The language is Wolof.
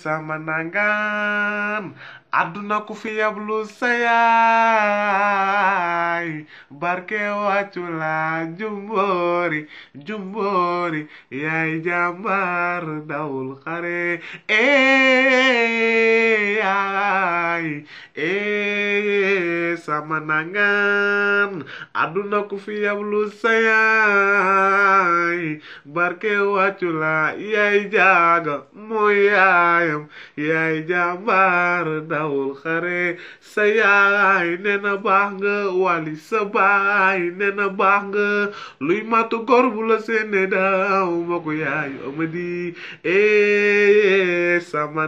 sama nangam ku fi yablu sayaay barke wàccu laa jumboori jumboori yaay jàmbaar dawul xare yaay sama nangam àdduna ku fi yablu sayaay barke wàccu la yay jaaga mooy yaayam yaay jàmbaar dawul xare sa yaay ne na baax nga wali sa baay ne na baax nga luy matu gor bula la seene daaw ma ko yaayu amadi ee eh, sama